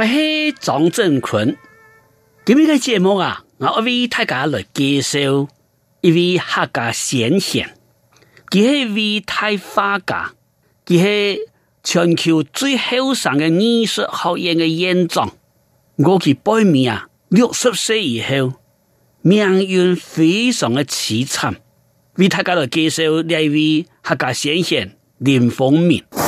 我是張振坤，今日嘅節目啊，我要為大家來介紹一位客家先賢，佢係位大畫家，佢係全球最高尚嘅藝術學院嘅院長。我佢百年啊，六十歲以後命運非常的淒慘，為大家來介紹另一位客家先賢林風眠。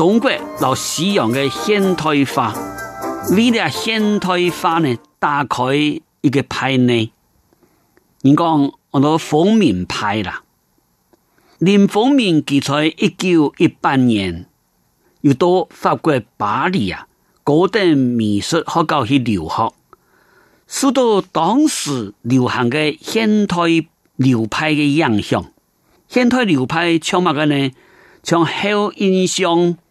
中國老西洋的現代化，為了現代化呢，打開一個派呢。你講我到風眠派啦，林風眠記載一九一八年，要到法國巴黎啊高等美術學校去留學，受到當時流行嘅現代流派嘅影響。現代流派，像乜個呢？像後印象。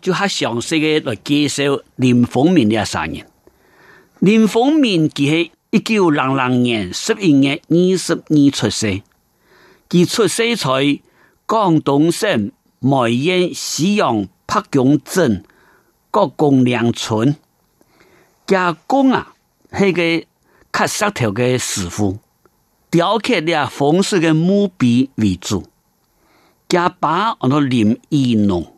就較詳細嘅來介紹林風眠呢三年。林風眠即係一九零零年十一月二十二出生，佢出生在廣東省梅縣始陽柏強鎮國公梁村。家公啊，係、那個刻石條嘅師傅，雕刻了風水嘅墓碑為主。家爸係農林藝農。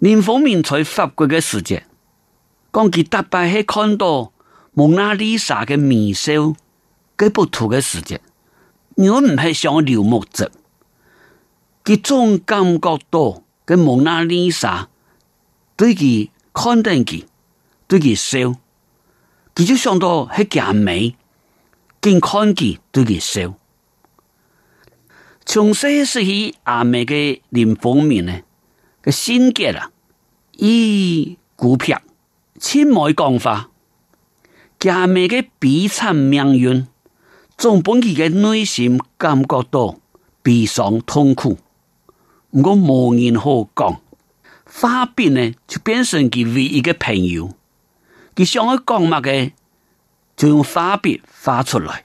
林風眠在法國嘅時節，講佢特別係看到蒙娜麗莎嘅微笑，嗰幅圖嘅時節，我唔係想流目汁，佢總感覺到佢蒙娜麗莎對佢看定佢對佢笑，佢就想到係阿美見看佢對佢笑，從細時起阿美嘅林風眠呢？心結啊，以股票、親妹講化。家面嘅悲慘命運，將本其嘅內心感覺到悲傷痛苦。唔過無言可講，畫筆呢就變成佢唯一嘅朋友。佢想要講乜嘅，就用畫筆畫出來。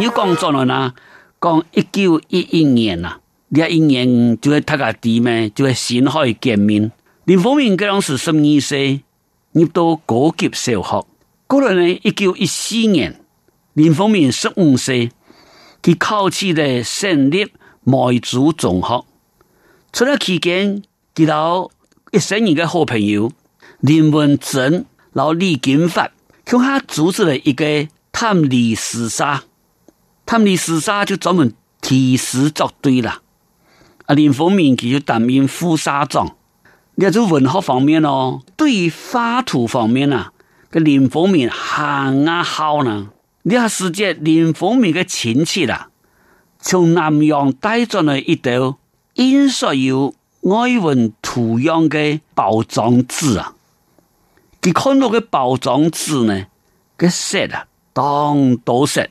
要工作啦，講一九一一年啦，呢一年就係他家弟咩，就係辛亥革命。林風眠嗰當時十二歲，入到高級小學。嗰年呢，一九一四年，林風眠十五歲，佢考起嚟省立，梅祖中學。出了期間結到一生的好朋友林文正，然後李金發，佢哋組織了一個探驪詩社。他們的死殺就專門提死作對了。啊，林風眠佢就擔任副社長。你看做文學方面咯，哦，對於花土方面啊，個林風眠很愛好呢。你看是只林風眠嘅親戚啦，啊，從南洋帶咗來一道印刷有外文圖樣嘅包裝紙啊。佢看到嘅包裝紙呢，佢食啦，當都食。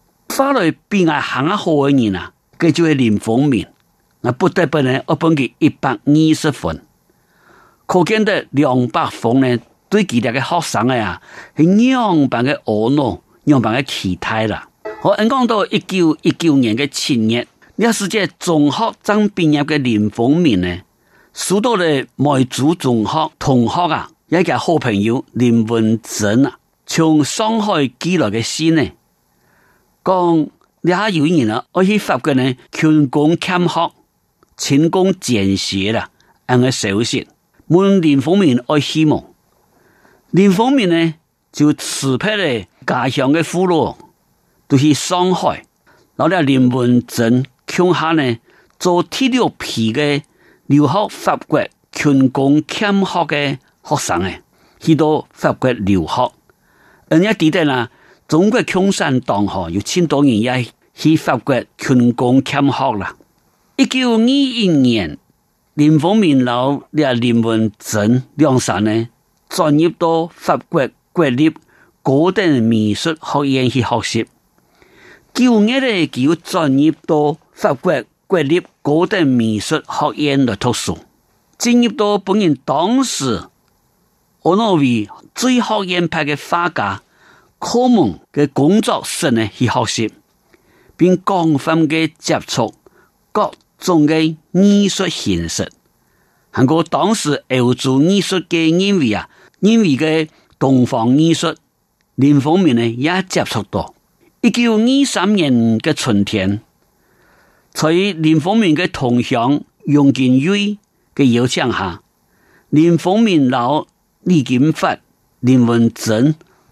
花內邊係行得好嘅人啊，佢就係林風眠，那不得不呢，我分佢一百二十分。可見得梁伯鳳呢，對其他嘅學生的啊，係樣板嘅惡奴，樣板嘅期待啦。我講到一九一九年嘅七月，又是即中學剛畢業嘅林風眠呢，許多嘅外族中學同學啊，一個好朋友林文正啊，從上海寄來嘅信呢。講也語言啦，我去法國呢，勤工儉學，勤工儉學啦，安嘅小事。唔連方面我希望，另一方面呢就辭別咧家鄉嘅父老，都去上海，然後人們正窮下呢，做第一批嘅留學法國，勤工儉學嘅學生誒，去到法國留學，人家對待呢？中國共產黨河，有千多人也去法國勤工儉學了。一九二一年，林風眠留喺林文鎮梁山呢，轉業到法國國立高等美術學院去學習。九一年佢又轉業到法國國立高等美術學院嚟讀書，專業到本人當時我認為最好學院派的畫家。科門嘅工作室呢，去學習，並廣泛嘅接觸各種嘅藝術形式。韓國當時歐洲藝術嘅認為啊，認為嘅東方藝術，林風眠呢也接觸到。一九二三年嘅春天，在林風眠嘅同鄉楊建瑞嘅邀請下，林風眠、老李金發、林文正。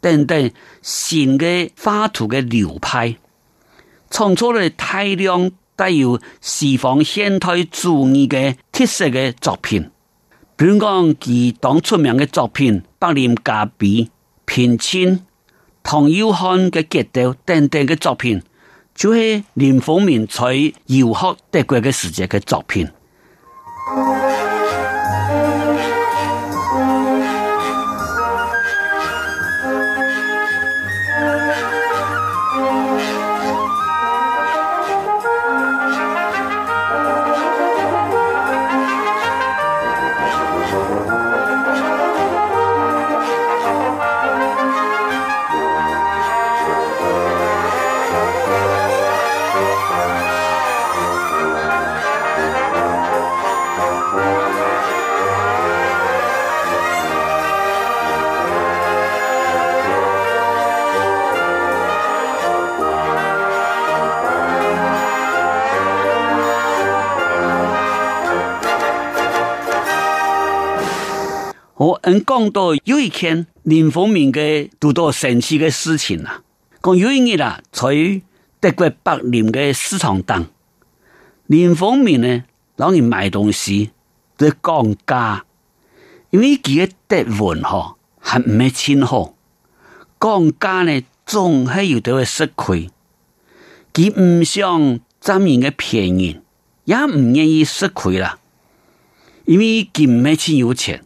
等等，新嘅花圖嘅流派，創作咗大量帶有西方現代主義嘅特色嘅作品。比如講，其當出名嘅作品《柏林咖啡》、《平靜》、《唐又漢嘅決鬥》等等嘅作品，就係林風眠在留學德國嘅時節嘅作品。到有一天林的有的、啊的林的市，林風眠嘅做咗神奇嘅事情啦。講有一日啦，在德國柏林嘅市場等林風眠呢，老嚟，買東西，都降價，因為佢嘅德文嗬係唔係深厚，降價呢總係要都會有的吃虧，佢唔想佔人嘅便宜，也唔願意吃虧啦，因為佢唔係咁有錢。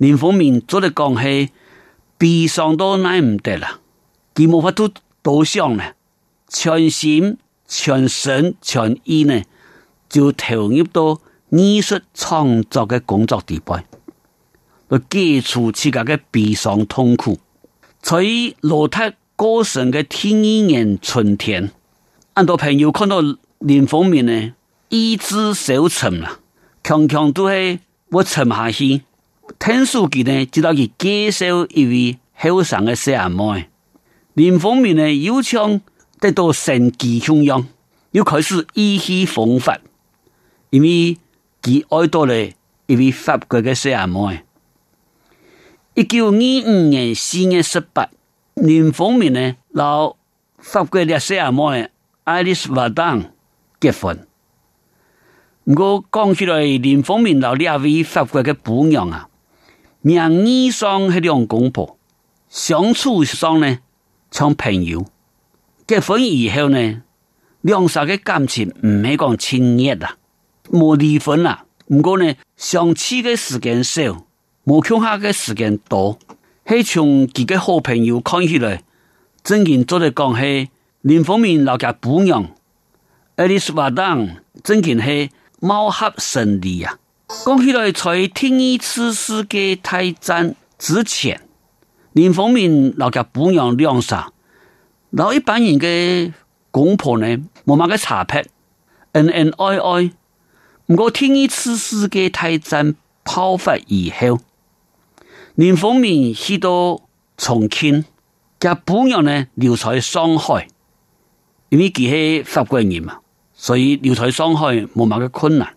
林鳳眠昨日講係悲傷都耐唔得了，佢冇法度度傷呢，全心全身全意呢，就投入到藝術創作嘅工作地步，嚟解除自己嘅悲傷痛苦。在羅特過身嘅第二年春天，很多朋友看到林鳳眠呢，意志消沉啦，強強都係屈沉下去。聽書記呢，知道佢介紹一位後生的西阿妹，林風眠呢又唱得到神吉香樣，又開始意氣風發，因為佢愛到了一位法國的西阿妹。一九二五年四月十八，林風眠呢老法國的西阿妹愛麗絲瓦當結婚。不過講起來林峰，林風眠老兩位法國的姑娘啊。名義上係兩公婆相處上呢，像朋友；結婚以後呢，兩三個感情唔係講親熱啦，冇離婚啦。不過呢，相處的時間少，冇傾下的時間多，係從幾個好朋友看起來，真嘅做得講係林風眠老家姑娘，而你說話當真嘅係貌合神離啊。講起來，在第一次世界大戰之前，林風眠留喺本洋兩省，老一般人的公婆呢，冇買嘅茶片，恩恩愛愛。唔過，第一次世界大戰爆發以後，林風眠去到重慶，嘅本洋呢留喺上海，因為佢係法國人嘛，所以留喺上海冇乜個困難。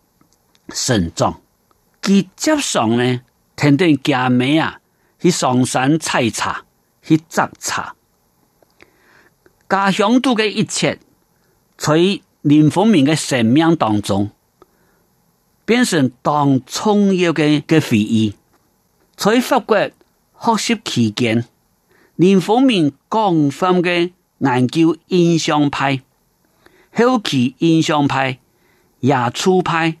神長，及接上呢，天天加美啊去上山採茶，去摘茶。家鄉度嘅一切，在林風眠嘅生命當中，變成當重要嘅嘅回憶。在法國學習期間，林風眠廣泛嘅研究印象派、後期印象派、野獸派。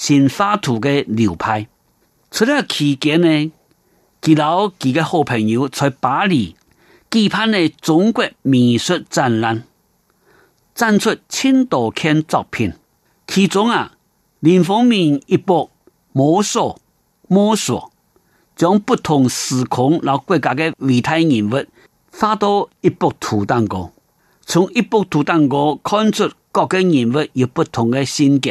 神發圖嘅流派，除了期間呢，佢有幾個好朋友在巴黎舉辦呢中國美術展覽，展出千多件作品，其中啊，林風眠一部魔術魔術將不同時空老國家的偉大人物畫到一部圖當中，從一部圖當中看出各個人物有不同的性格。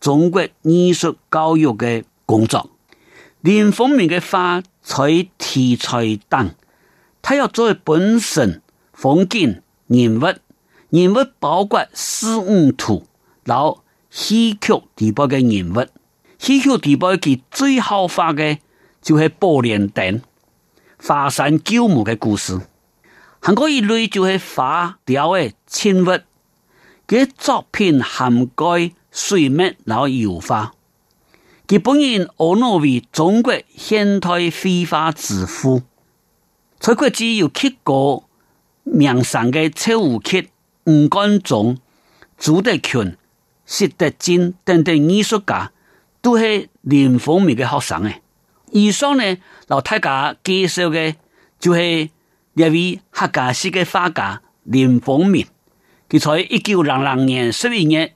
中國藝術教育的工作，另一方面嘅畫彩題材等，他要作為本身風景、人物，人物包括仕女圖、老戲曲地報的人物，戲曲地報佢最好畫的就是寶蓮燈、華山救母的故事，還有一類就是畫雕的《青物，佢作品涵蓋。水墨老油畫，佢本人我認為中國現代繪畫之父。蔡國治有七個名山的車務劇，吳冠中、朱德群、謝德金等等藝術家，都是林風眠的學生誒。以上呢，老太家介紹嘅就是一位客家式嘅畫家林風眠。佢在一九零零年十一月。